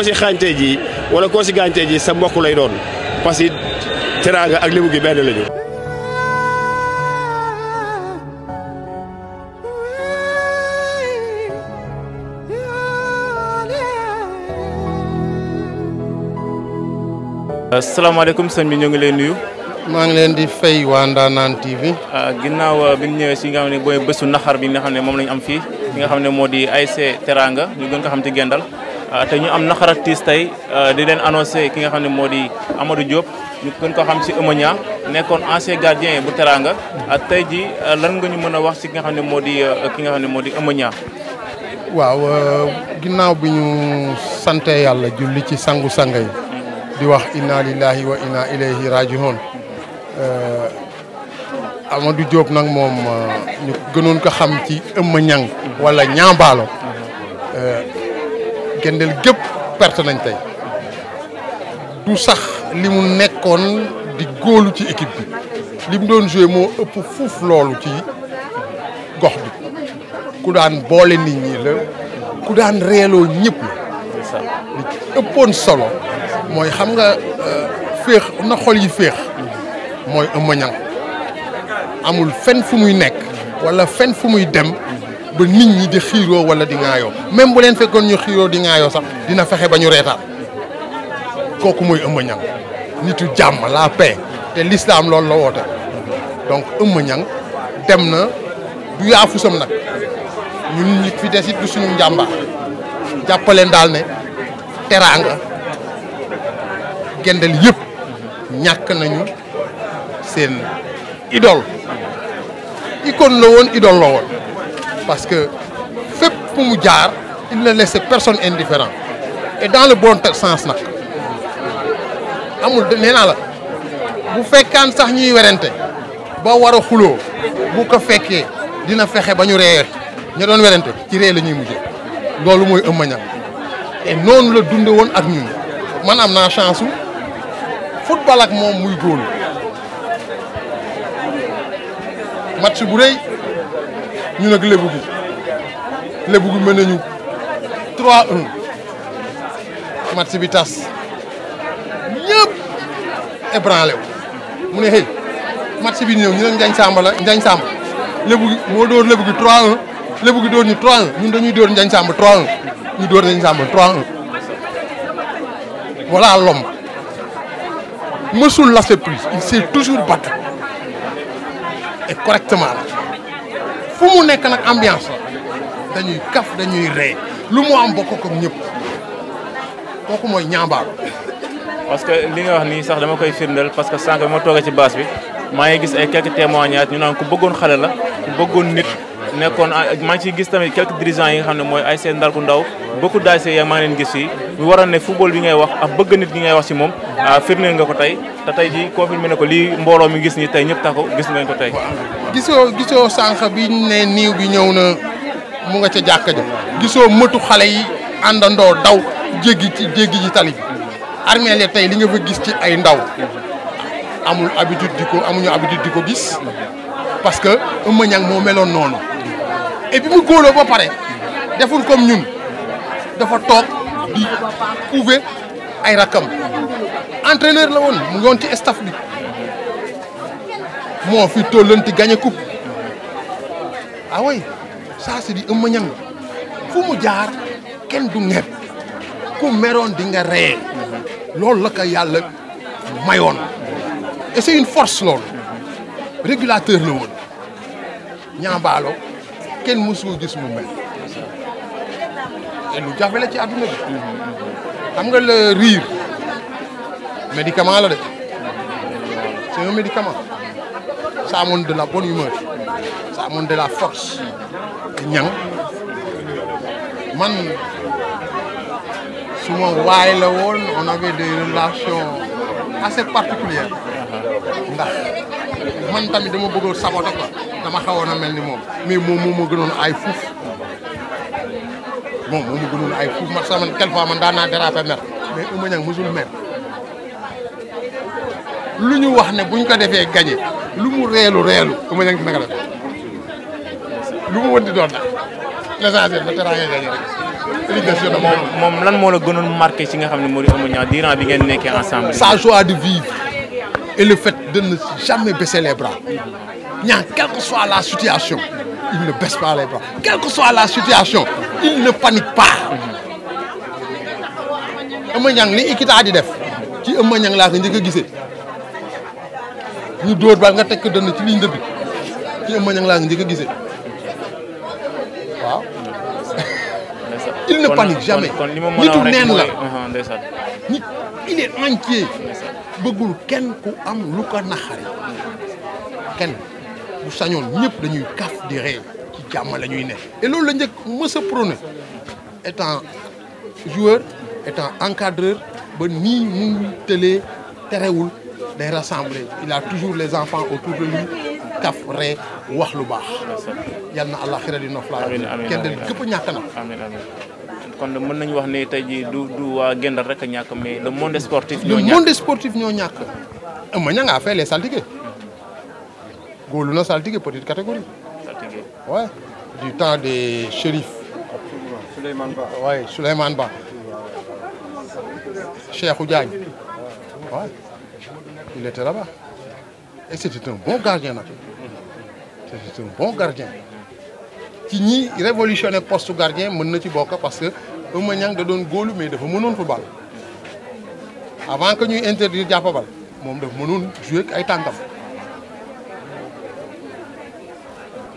koo si xaañtee wala koo si gaañtee ji sa mbokk lay doon parce ak limu gi benn lañu. asalaamaaleykum bi ñoo ngi lay nuyu. maa ngi leen di fay waa Ndanane TV. Ah, ginnaaw ah, bi ñu ñëwee si nga xam ne booy bésu naxar bi nga xam ne moom la am fii. bi nga xam ne moo di ASC Teranga ñu gën ko xam ci Gendal. Euh, te ñu am naqar ak tiis tey euh, di leen annoncé ki nga xam ne moo di Amadou Diop ñu gën ko xam si Eumeunian nekkoon ancien gardien bu Teranga euh, tey ji lan nga ñu mën a wax si ki nga xam ne moo di ki xam ne moo di Eumeunian waaw bi ñu sante yàlla julli ci sangu-sang di wax inna lillahi wa inna ilayhi rajihoon Amadou Diop nag moom ñu ko xam ci Eumeunian wala ñambaalo Gendel gépp perte nañ tey du sax li mu nekkoon di góolu ci équipe bi li mu doon joué moo ëpp fuuf loolu ci gox bi ku daan boole nit ñi la ku daan reeloo ñëpp li ëppoon solo mooy xam nga euh, féex na xol yi féex mooy ëmb amul fenn fu muy nekk walla fenn fu muy dem ba nit ñi di xiiroo wala di ŋaayoo même bu leen fekkoon ñu xiiroo di ŋaayoo sax dina fexe ba ñu reetaan kooku mooy Eumeu nit nitu jàmm la paix te l'islam loolu la woote donc Eumeu dem na du yaafusam nag ñun nit fi des it du suñu njàmbaar jàppaleen daal ne teraanga gendal yëpp ñàkk nañu seen idole icône la woon idole la woon parce que fépp fu mu jaar il ne laisse personne indifférent et dans le bon sens nag amul nee naa la bu fekkaan sax ñuy werante ba war a bu ko fekkee dina fexe ba ñu ree ña doon werante ci ree la ñuy mujjee loolu mooy Eumeu Niang te noonu la dunde woon ak ñun man am naa chance football ak moom muy góolu match bu ñu nag lébu gi lébu gi mën nañu 3-1 match bi tas ñëpp wu mu ne xëy match bi ñëw ñu ne Njañ Samba la Njañ Samba lébu gi moo dóor lébu gi 3-1 lébu gi ñu 3-1 ñun dañuy dóor Njañ Samba 3 ñu dóor Njañ Samba 3-1 voilà l'homme la lâcher prise il s'est toujours battu et correctement fu mu nekk nag ambiance la dañuy kaf dañuy ree lu mu am bokk comme ñëpp kooku mooy ñaambaar. parce que li nga wax nii sax dama koy firndeel parce que sànq bi ma toogee ci baas bi maa ngi gis ay quelques témoignages ñu naan ku bëggoon xale la ku bëggoon nit. nekkoon ah, maa ngi ciy gis tamit quelques dirigeants yi nga xam ne mooy ay seen ndarku ndaw beaucoup d'ASC yaa maa ngi gis fii mu waroon ne football bi ngay wax ak bëgg nit gi ngay wax ci moom ah, firndeel nga ko tey te tey ji confirmé ne ko lii mbooloo mi gis ni tey ñëpp tax ko gis ngeen ko tey gisoo gisoo sànq bi ne niiw bi ñëw na mu nga ca jàkka ja gisoo mëtu xale yi àndandoo daw jéggi ci jéggi ji tali bi armeel ya tey li nga fa gis ci ay ndaw amul habitude di ko amuñu habitude di ko gis parce que Eumeu Niang moo meloon noonu et bi mu góoloo ba pare deful comme ñun dafa toog di couver ay rakkam entraîneur la woon mu ngi moo fi tollanti gagné coupe ah oui saa di ëmma fu mu kenn du ñepp ku meroon di nga ree loolu la yàlla mayoon et c'est une force régulateur la woon ñaabaalo kenn mësu ko gis mu mel. te lu jafe ci àdduna bi. xam nga le rire médicament la de c'est un médicament ça amoon de la bonne humeur ça de la force ñaŋ man suma waay la woon on avait des relations assez particulières ndax man tamit dama bëggoon saboter quoi. dama xawoon a mel ni moom mais moom moom ma gënoon ay fuuf moom moom ma gënoon ay fuuf man sax man quelque fois man naa déraper mer mais Ouma Niang mosul mer lu ñu wax ne bu buñ ko defee gañe lu mu reelu reelu Ouma ma dina ko def lu mu wënti doon nag l'essentiel ba teranga gañe rek moom moom moo la gënoon marqué ci nga xam ne moo di Ouma Niang durant bi ngeen nekkee ensemble sa joie de vivre et le fait de ne jamais baisser Niang, quelle que soit la situation, il ne baisse pas les bras. Quelle la situation, il ne panique pas. Eumeu li Ikita di def ci Eumeu Niang laa ko njëkk a gisee ñu dóor ba nga teg ko dënn ci ligne de bi ci Eumeu Niang laa ko njëkk a gisee waaw. il ne panique jamais nitu neen la uh-huh, nit il est entier bëggul kenn ku am lu ko naxari bu sañoon ñëpp dañuy kaf di ree ci jàmm la ñuy ne et loolu la njëkk mës a prôné étant joueur étant encadreur ba nii mu tëlee terewul day rassembler il a toujours les enfants autour de lui kaf ree wax lu baax yal na àlaxira di noflaay kenn del këpp a ñàkk na kon mën nañu wax ne tey jii du du waa Guet rek a ñàkk mais le monde sportif ñoo ñàkk le monde sportif ñoo ñàkk ña ngaa les saltige Goulouna Saltigué petite catégorie. Saltigué du temps des shérifs. Souleymane Ba oui Souleymane Ba. Cheikhou Diagne waaw il était bon gardien nag c'était un bon gardien ci ñi révolutionné poste gardien mën na ci bokk parce que Eumeu Niang da doon góolu mais dafa mënoon football avant que ñuy interdire jàppabal moom dafa mënoon jouer ay tànkam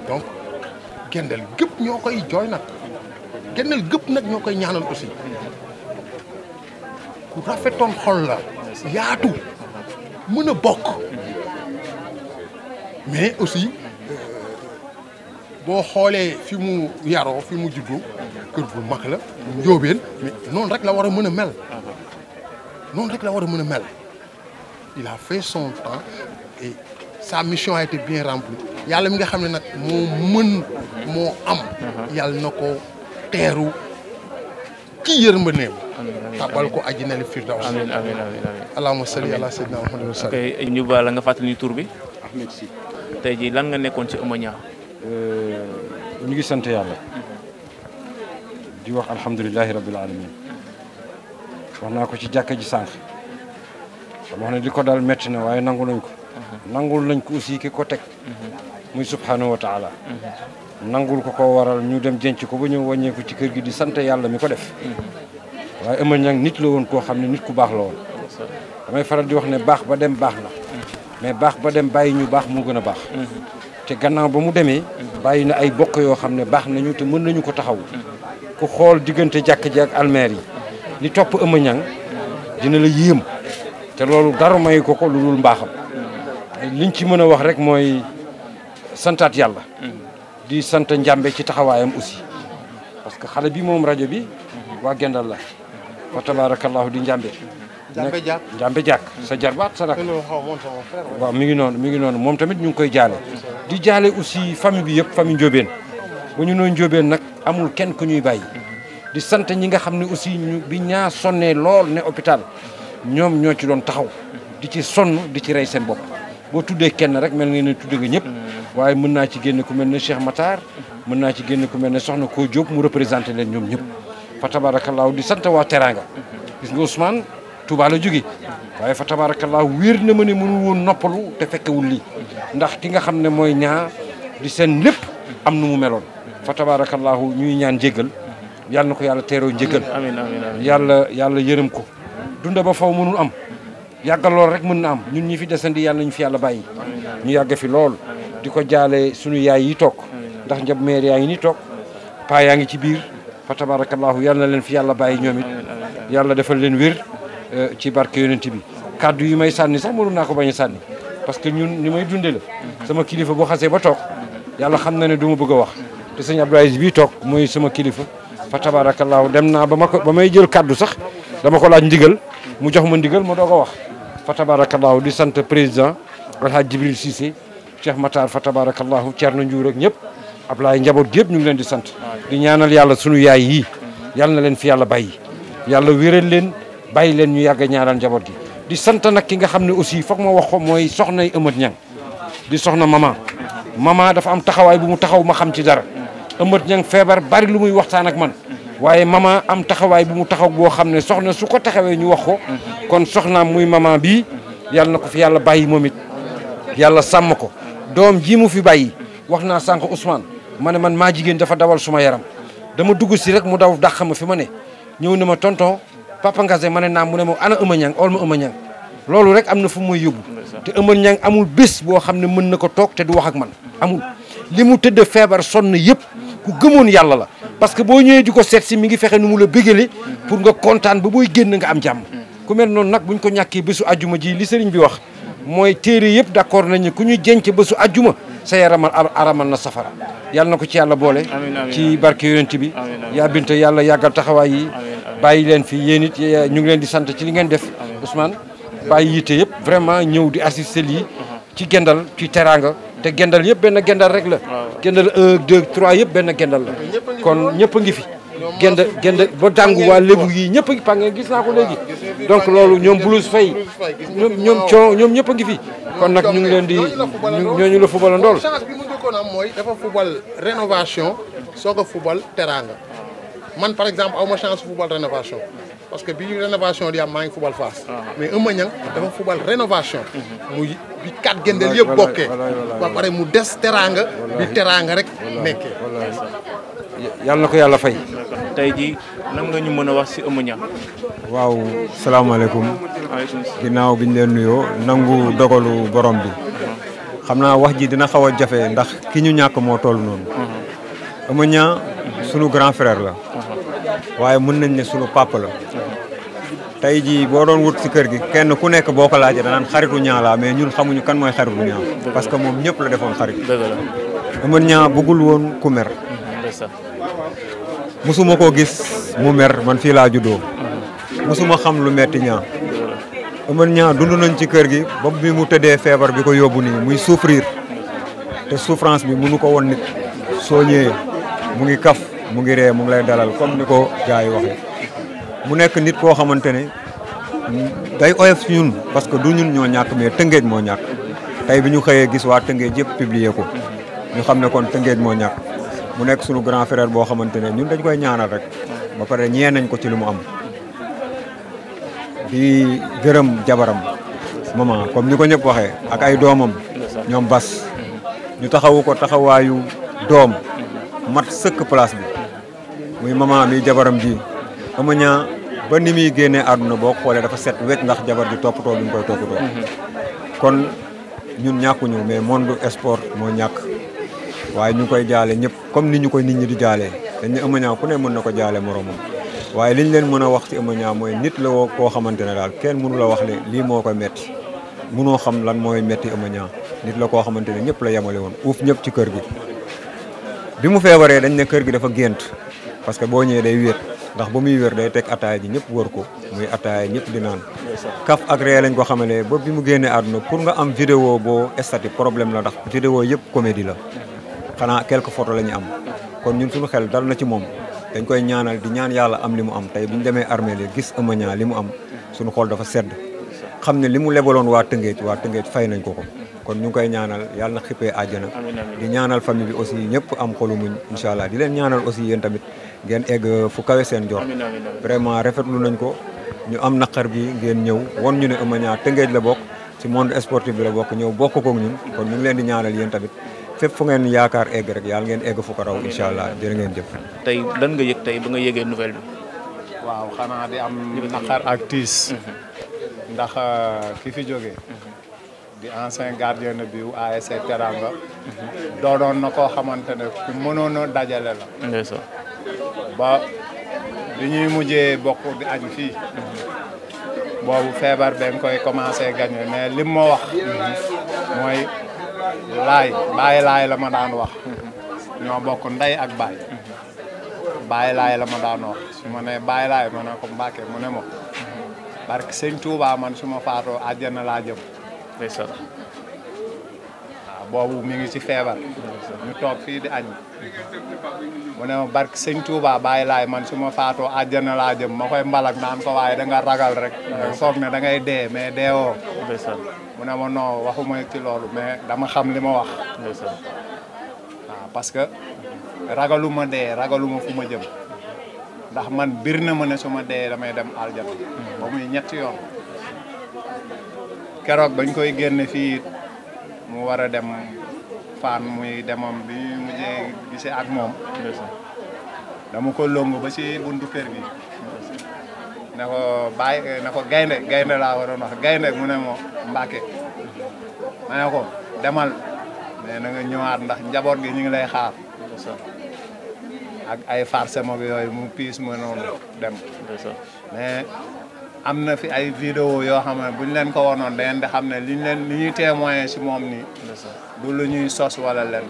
donc gendal gëpp ñoo koy jooy nag gendal gëpp nag ñoo koy ñaanal aussi ku rafetoon xol la yaatu mën a bokk mais aussi euh, boo xoolee fi mu yaroo fi mu juddu kër bu mag la njóobeen mais noonu rek la war a mën a mel noonu rek la war a mën a mel il a fait son temps et sa mission a été bien remplie yàlla mi nga xam ne nag moo mën moo am uh-huh. yàlla na ko teeru ci yërmandeem tabal ko àjjana li firdaws amiin amiin amiin allahumma salli ala sayyidina muhammad wa sallam ok ñu ba la nga fàttali ñu tur bi Ahmed Sy tey jii lan nga nekkoon ci Eumeu Niang euh, ñu ngi sant yàlla di wax alhamdulilahi rabbil alamin wax naa ko ci jàkka ji sànq wax ne li ko daal métti na waaye nangul nañ ko uh-huh. nangul nañ ko aussi ki ko teg uh-huh. muy subhanahu wa taala nangul ko ko waral ñu dem denc ko ba ñëw wàññeeku ci kër gi di sant yàlla mi ko def waaye ëma ñang nit la woon koo xam ne nit ku baax la woon damay faral di wax ne baax ba dem baax na mais baax ba dem bàyyi ñu baax mu gën a baax te gannaaw ba mu demee bàyyi na ay bokk yoo xam ne baax nañu te mën nañu ko taxaw ku xool diggante jàkk ji ak almeer yi li topp ëma ñang dina la yéem te loolu dara may ko ko lu dul mbaaxam liñ mën santaat yàlla. di sant Njàmbe ci taxawaayam aussi parce que xale bi moom rajo bi waa Gendal la fa tabaarakallahu di Njàmbe. Njàmbe Diak Njàmbe Diak sa jarbaat sa rak waaw mi ngi noonu mi ngi noonu moom tamit ñu ngi koy jaale. di jaale aussi famille bi yëpp famille Ndiobène bu ñu noonu Ndiobène nag amul kenn ku ñuy bàyyi. di sant ñi nga xam ne aussi bi ñaa sonnee lool ne hôpital ñoom ñoo ci doon taxaw di ci sonn di ci rey seen bopp. boo tuddee kenn rek mel ngeen ne tuddee nga ñëpp hmm. waaye mën naa ci génne ku mel ne Cheikh Matar hmm. mën naa ci génne ku mel ne Soxna Koo jóg mu représenté leen ñoom ñëpp fa tabaarakallaahu di santa waa Teranga hmm. gis nga Ousmane tubaal la jóge waaye fa tabaarakallaahu wéer na ma ne mënul woon noppalu te fekkewul lii ndax ki nga xam ne mooy ñaar di seen lépp am nu mu meloon fa tabaarakallaahu ñuy ñaan njéggal yàlla na ko yàlla teeroo njéggal amiin amiin yàlla yàlla yërëm ko dunda ba faw mënul yàggal lool rek mën na am ñun ñi fi desandi yàlla nañu fi yàlla bàyyi ñu yàgg fi lool di ko jaale suñu yaay yi toog ndax njab meer yaa ngi ni toog paa yaa ngi ci biir fa tabarakallahu yàlla leen fi yàlla bàyyi ñoom yàlla defal leen wér eh, ci barke yonent bi kàddu yi may sànni sax mënu naa ko bañ a sànni parce que ñun ni may dundee la sama kilifa boo xasee ba toog yàlla xam na ne du ma bëgg a wax te sëñ Abdou Aziz bii toog mooy sama kilifa fa tabarakallahu dem naa ba ma ko ba may jël kàddu sax dama ko laaj ndigal mu jox ma ndigal ma doog a wax fa tabaarakallaahu di sant président Alhaaj Jibril Cissé Cheikh Matar fa tabaarakallaahu Thierno Ndiour ak ñëpp Ablaye njaboot gi yëpp ñu ngi leen di sant di ñaanal yàlla sunu yaay yii yàlla na leen fi yàlla bàyyi yàlla wéral leen bàyyi leen ñu yàgg ñaanal njaboot gi di sant nag ki nga xam ne aussi foog ma wax ko mooy soxnay ëmët ñang di soxna mama mama dafa am taxawaay bu mu taxaw ma xam ci dara ëmët ñang feebar bari lu muy waxtaan ak man waaye maman am taxawaay bu mu taxaw boo xam ne soxna su ko taxawee ñu wax ko kon soxnaam muy maman bii yàlla na ko fi yàlla bàyyi moom it yàlla sàmm ko doom ji mu fi bàyyi wax naa sànq Ousmane ma ne man maa jigéen dafa dawal suma yaram dama dugg si rek mu daw dax xam ma fi ma ne ñëw na ma tonton papa Ngase ma ne naam mu ne ma ana Eumeu Niang ol ma Eumeu Niang loolu rek am na fu muy yóbbu te Eumeu Niang amul bés boo xam ne mën na ko toog te du wax ak man amul li mu tëdd feebar sonn yëpp gëmoon yàlla la parce que boo ñëwee di ko seet si mi ngi fexe nu mu la bégale pour nga kontaan ba booy génn nga am jàmm ku mel noonu nag buñ ko ñàkkee bésu ajuma ji li sëriñ bi wax mooy téere yëpp d'accord nañu ku ñu jenc bésu ajuma sa yaramal aramal na safara yàlla na ko ci yàlla boole ci barke yonent bi yaa binte yàlla yàggal taxawaay yi bàyyi leen fi yéen it ñu ngi leen di sant ci li ngeen def Ousmane bàyyi yiite yëpp vraiment ñëw di assister lii uh-huh. ci gendal ci teraanga te gendal yëpp benn gendal rek la. gendal un deux trois yëpp benn gendal la. kon ñëpp a ngi fi. gend gend ba dàngu waa lébu yi ñëpp a ngi pàngee gis naa ko léegi. donc loolu ñoom blouse fay ñoom ñoom ñoom ñëpp ngi fi. kon nag ñu ngi leen di ñooñu la fubal ndool. chance bi mu njëkkoon mooy dafa fubal rénovation soog a fubal teraanga man par exemple aw ma chance fubal rénovation. parce que bi rénovation di am maa ngi fubal Fass. Ah. mais Eumeu Niang dafa fubal rénovation. Mhm. muy bi kat gendeel yëpp bokkee. ba pare mu des teraanga. bi teraanga rek nekkee. yàlla na ko yàlla fay. tey jii nan nga ñu mën a wax si Eumeu Niang. waaw salaamaaleykum. ginnaaw bi ñu leen nuyoo nangu dogalu borom bi. Mhm. xam naa wax ji dina xaw a jafe ndax ki ñu ñàkk moo toll noonu. Mhm. Eumeu sunu grand frère la. waaye mën nañ ne sunu papa la. tey jii boo doon wut si kër gi kenn ku nekk boo ko laajee danaan xaritu ñaa laa mais ñun xamuñu kan mooy xaritu ñaa parce que moom ñëpp la defoon xarit aman ñaa bëggul woon ku mer mosuma koo gis mu mer man fii laa juddoo mosuma xam lu metti ñaa aman ñaa dund nañ ci kër gi ba bi mu tëddee feebar bi ko yóbbu nii muy souffrir te souffrance bi mënu ko woon nit soo ñëwee mu ngi kaf mu ngi ree mu ngi lay dalal comme ni ko gars yi mu nekk nit koo xamante ne day oyof si ñun parce que du ñun ñoo ñàkk mais tëngeej moo ñàkk tey bi ñu xëyee gis waa tëngeej yëpp publier ko ñu xam ne kon tëngeej moo ñàkk mu nekk suñu grand frère boo xamante ne ñun dañ koy ñaanal rek ba pare ñee nañ ko ci lu mu am di gërëm jabaram maman comme ni ko ñëpp waxee ak ay doomam ñoom bas ñu taxawu ko taxawaayu doom mat sëkk place bi muy maman mi jabaram ji ama ba ni muy génnee àdduna boo xoolee dafa set wecc ndax jabar ji toppatoo bi mu koy toppatoo. Mhm. kon ñun ñàkkuñu mais monde sport moo ñàkk waaye ñu koy jaale ñëpp comme ni ñu koy nit ñi di jaalee dañ ne Eumeu ku ne mën na ko jaale moromam waaye liñ leen mën a wax ci Eumeu Niang mooy nit la woo koo xamante ne daal kenn mënu wax ne lii moo koy metti munoo xam lan mooy metti Eumeu Niang nit la koo xamante ne ñëpp la yemale woon uuf ñëpp ci kër gi bi mu feebaree dañ ne kër gi dafa gént parce que boo ñëwee day wéet ndax ba muy wér day teg ataaya ji ñëpp wër ko muy ataaya ñëpp di naan kaf ak ree lañ ko xamane ne ba bi mu génnee àdduna pour nga am vidéo boo estati problème la ndax vidéo yëpp comédie la xanaa quelques photos la ñu am kon ñun suñu xel dal na ci moom dañ koy ñaanal di ñaan yàlla am li mu am tey bu ñu demee armée li gis Eumeu li mu am sunu xool dafa sedd xam ne li mu lebaloon waa Tëngéej waa Tëngéej fay nañ ko ko kon ñu ngi koy ñaanal yàlla na xippee àjjana di ñaanal famille bi aussi ñëpp am xolu muñ incha allah di leen ñaanal aussi yéen tamit ngeen egg fu kawe seen jor vraiment lu nañ ko ñu am naqar bi ngeen ñëw won ñu ne Eumeu Niang Tëngéej la bokk ci monde sportif bi la bokk ñëw bokk koog ñun kon ñu leen di ñaanal yéen tamit fépp fu ngeen yaakaar egg rek yàlla ngeen egg fu ko raw incha allah jërë ngeen jëf. tey lan nga tey ba nga yëgee nouvelle bi. waaw xanaa di am naqar ak tiis. Mhm. ndax euh, ki fi jógee. Mhm. di ancien gardien de but a Teranga doonoon na koo xamante ne ku mënoon a dajale la ba bi ñuy mujjee bokk di añ fii boobu feebar benn koy commencé gagné mais lim mo wax mooy lay bàyyi lay la ma daan wax ñoo bokk ndey ak baay bàyyi laay la ma daan wax su ma nee bàyyi laay ma ne mu ne ma parce que sëñ man su ma faatoo àjjana ndeysaan ah, boobu mu ngi ci feebar ñu toog fii di añ mu ne ma barke sëñ Touba bàyyi laay man suma ma faatoo àjjana laa jëm ma koy mbalak naan ko waaye da ragal rek da soog ne da ngay dee mais deewoo ndeysaan mu ne ma non waxuma ci loolu mais dama xam li ma wax ah, parce que ragalu ma dee ragalu ma fu ma jëm ndax man bir na ma ne suma ma dee damay dem aljana mm-hmm. ba muy ñetti yoon keroog bañ koy génne fii mu war a dem faan muy demam bi mujjee gise ak moom dama ko longu ba ci buntu kër ne ko bàyyi ko gaynde gaynde laa waroon wax gaynde mu ne moo mbàkke ma ne ko demal mais na nga ndax njaboot gi ñu ngi lay xaar ay farce moom yooyu mu piis ma noonu dem mais am na fi ay vidéo yoo xam ne bu ñu leen ko wanoon da ngeen xam ne li ñu leen li ñuy témoigner si moom nii. du lu ñuy sos wala leen.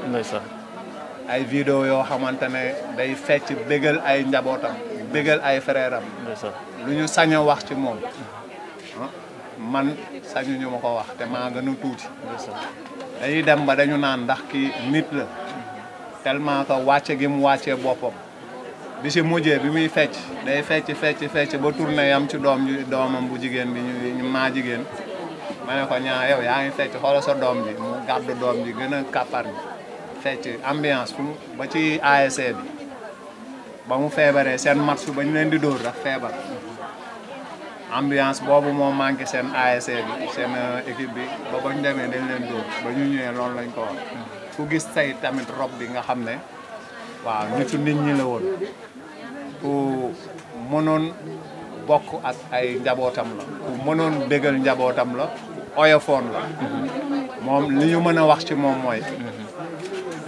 ay vidéo yoo xamante ne day fecc bégal ay njabootam bégal ay frèram lu ñu sañ a wax ci moom. Ah, man sañu ñu ma ko wax te maa gën a tuuti. dañuy dem dañu naan ndax ki nit la. Mm-hmm. tellement que wàcce gi mu wàccee boppam. bi si mujjee bi muy fecc day fecc fecc fecc ba tourné yam ci doom doomam bu jigéen bi ñu maa jigéen ma ne ko ñaa yow yaa ngi fecc xoola sa doom bi mu gàddu doom bi gën a kàppar bi fecc ambiance ba ci ASC bi ba mu feebaree seen match ba ñu leen di dóor rek feebar ambiance boobu moo manqué seen ASC uh, équipe bi ba ba ñu demee dañ leen dóor ba ñu lañ ko wax ku gis tey tamit rob bi nga xam ne waaw nitu nit ñi la woon ku mënoon bokk ak ay njabootam la ku mënoon bégal njabootam la oyofoon la moom li ñu mën a wax ci moom mooy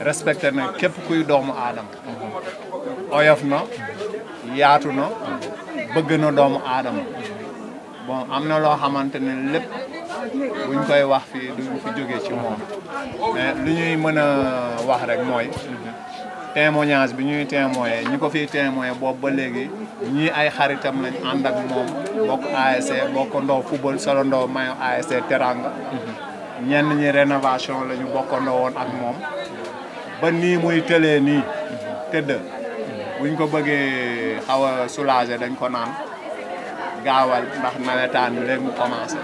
respecté na képp kuy doomu aadama oyof na yaatu na bëgg na doomu aadama bon am na loo xamante ne lépp buñ koy wax fii duñ fi ci moom mais li ñuy mën a wax rek mooy témoignage bi ñuy témoigné ñi ko fiy témoigné boobu ba léegi ñii ay xaritam lañ ànd ak moom bokk ASC bokk ndoo football solo ndoo mayo ASC Teranga ñenn ñi rénovation la ñu bokkandoo woon ak moom ba nii muy tëlee nii tëdd buñ ko bëggee xaw a dañ ko naan gaawal ndax nawetaan bi léegi mu commencé.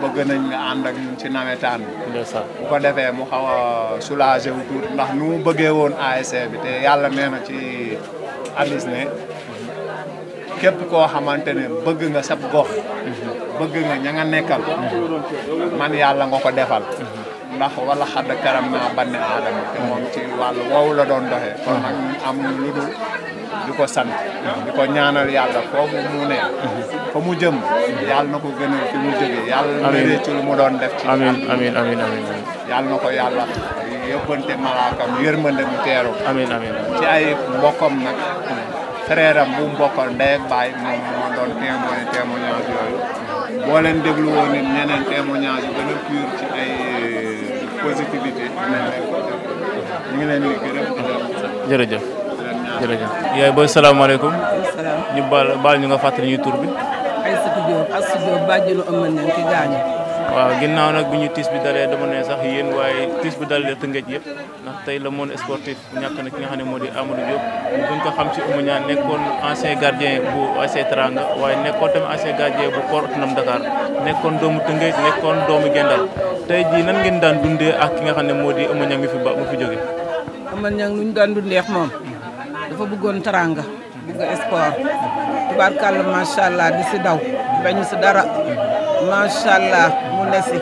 bëgg nañ nga ànd ak ñun ci nawetaan bi. bu ko defee mu xaw a soulagé wu ndax nu mu bëggee woon ASC te yàlla nee na ci addis ne képp koo xamante ne bëgg nga sab gox. bëgg nga ña nga nekkal. man yàlla nga ko defal. ndax wala xadd karam naa banne aadama moom ci wàllu woowu la doon doxee. kon nag am lu dul. di ko sant di ko ñaanal yàlla foofu mu ne fa mu jëm yàlla na ko gënal fi na ci lu mu doon def ci amiin amiin amiin na ko yàlla yóbbante malaakam yërmande mu teeru amiin ci ay mbokkam nag bu mu bokkal ndey baay moom moo doon témoigné témoignage yooyu boo leen déglu woon nit pur ci ay euh, positivité dinañ leen ko ñu ngi leen di gërëm jërëjëf yaay booy salaamaaleykum. ñu baal baal ñu nga fàttali ñuy tur bi. Aïssatou Diop Astou Diop bàjjenu ëmmal nañ ci gaañu. waaw ginnaaw nag bi ñu tiis bi dalee dama ne sax yéen waaye tiis bi dalee Tëngéej yëpp ndax tey la moon sportif ñàkk na ki nga xam ne moo di Amadou Diop ko xam ci Oumou Niane nekkoon ancien gardien bu ASC waaye nekkoon tamit ancien gardien bu Port Autonome Dakar nekkoon doomu Tëngéej nekkoon doomu Gendal tey jii nan ngeen daan dundee ak ki nga ne moo di Oumou Niane mi fi ba mu fi jóge Oumou Niane lu ñu daan dundee moom dafa bëggoon teranga bëgg sport tubaarkàlla macha allah di si daw bañu si dara macha allah mu ne si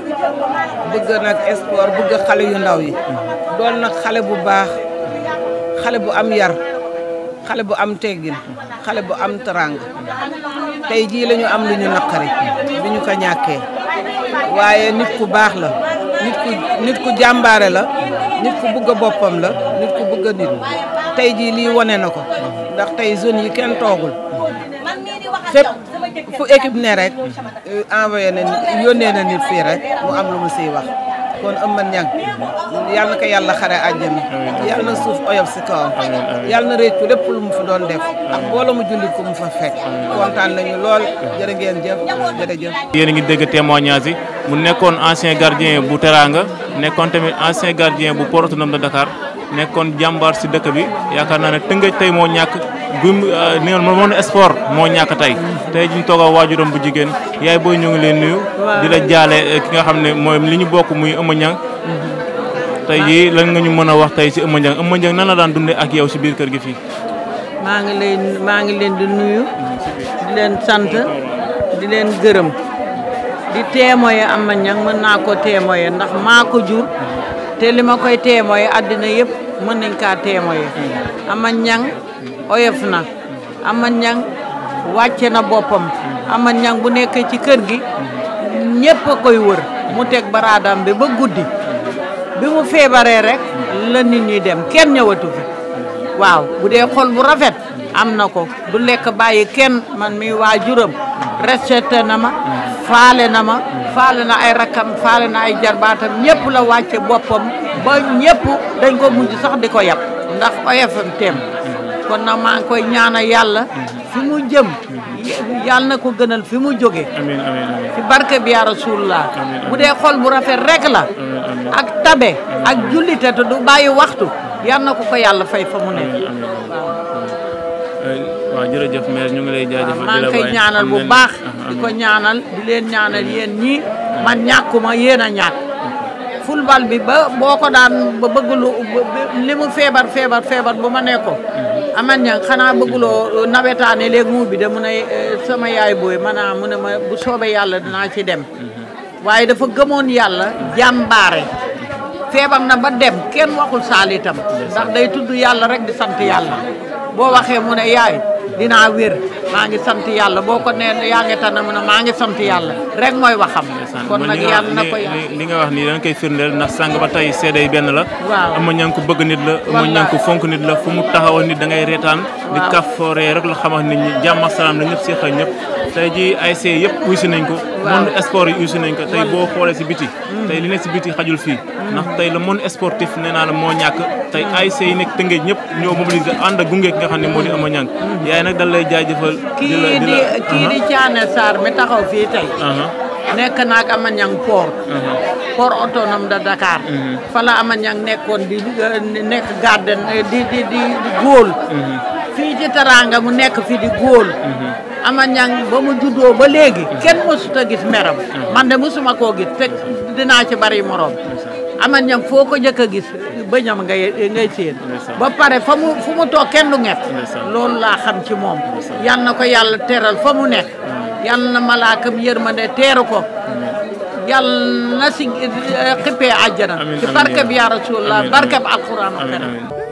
bëgg nag sport bëgg xale yu ndaw yi doon nag xale bu baax xale bu am yar xale bu am teggin xale bu am teranga tey jii lañu am lu ñu naqari bi ñu ko ñàkkee waaye nit ku baax la nit ku nit la nit ku bëgg boppam la nit ku bëgg nit tey jii lii wane na ko ndax tey zones yi kenn toogul fépp fu équipe ne rek euh, envoyé na yónnee fii rek mu am lu mu siy wax kon am man ñang yal na ko yàlla xare àjjana yal na suuf oyof si kawam yal na réccu lépp lu mu fi doon def ak mu jullit ko mu fa fekk kontaan nañu lool jërë ngeen jëf jërëjëf yéen a ngi dégg témoignage yi mu nekkoon ancien gardien bu Teranga nekkoon tamit ancien gardien bu Port Autonome de Dakar nekkoon jàmbaar si dëkk bi yaakaar naa ne Tëngéej tey moo ñàkk gum ni euh, nga moo ne moo ñàkk tey tey jiñ toog a waajuram bu jigéen yaay booy ñu ngi leen nuyu di la jaale euh, ki nga xam ne mooy li ñu bokk muy Eumeu Niang tey jii lan nga ñu mën a wax tey si Eumeu Niang Eumeu Niang nan la daan dundee ak yow si biir kër gi fii maa ngi maa ngi leen di nuyu di leen sant di leen gërëm di témoye Eumeu Niang mën naa ko témoye ndax maa ko jur te li ma koy témoye àddina yëpp mën nañ kaa témoye ama ñang oyof na ama ñang wàcce na boppam ama ñang bu nekkee ci kër gi ñëpp koy wër mu teg baraadam bi ba guddi bi mu feebaree rek la nit ñi dem kenn ñëwatu fi waaw bu xol bu rafet am na ko du lekk bàyyi kenn man mi waajuram respecté na ma faale na ma faale na ay rakkam faale na ay jarbaatam ñëpp la wàcce boppam ba ñëpp dañ ko mujj sax di ko yab ndax oyofam kon na maa ngi koy ñaana yàlla fi mu jëm yàlla na ko gënal fi mu jóge amiin amiin amiin fi barke bi yaa rasulullah bu dee xol bu rafet rek la ak tabe ak jullite te du bàyyi waxtu yàlla na ko ko yàlla fay fa mu ne maa ngi koy ñaanal bu baax di ko ñaanal di leen ñaanal yéen ñii man ñàkkuma yéen a ñàkk football bi ba boo ko daan ba bëgglu li mu feebar feebar feebar bu ma nekkoon mhm. aman ñang xanaa bëgguloo nawetaane léegi mu bi de mun a eh, sama yaay booy maanaam mu ne bu soobee yàlla dinaa ci dem mhm. waaye dafa gëmoon yàlla jàmbaare feebar na ba dem kenn waxul saalitam ndax day tudd yàlla rek di sant yàlla boo waxee mu ne yaay dinaa wér maa ngi sant yàlla boo ko nee yaa ngi tànn mu ne maa ngi sant yàlla rek mooy waxam. kon nag yàlla na ko yàlla li nga wax nii da koy firndeel na sàng ba tey seede yi benn la. ama am na bëgg nit la. waaw am na fonk nit la fu mu taxawal nit da ngay reetaan. di kaffooree rek la xamal nit ñi jàmm ak na la ñëpp seexal ñëpp. tey jii ASC yëpp uysi nañ ko monde sport yi uysi nañ ko tey boo xoolee si biti mm. tey li nekk si biti xajul fii mm. ndax tey le monde sportif ne naa la moo ñàkk tey mm. ASC yi nekk tëngeej ñëpp ñoo mobiliser ànd ak gunge ki nga xam ne moo di ama ñàng yaay nag dañ lay jaajëfal kii di kii di uh-huh. Thiané Sarr mi taxaw fii tey uh-huh. nekk naag ama ñàng port uh-huh. port autonome da Dakar mm-hmm. fa la ama ñàng nekkoon di eh, nekk garden eh, di di góol mm-hmm. fii ci teraanga mu nekk fi di góol mm-hmm. ama ñang ba mu juddoo ba léegi kenn mosut a gis meram man de mosuma koo gis fekk dinaa ci bari moroom ama ñang foo ko njëkk a gis bëñam ngay ngay séen ba pare fa mu fu mu toog kenn du nget loolu laa xam ci moom yal na ko yàlla teral fa mu nekk mm. yal na malaakam yërmande teeru ko mm. yal na si eh, xippee àjjana ci barkeb yaa rasulallah barkeb alquran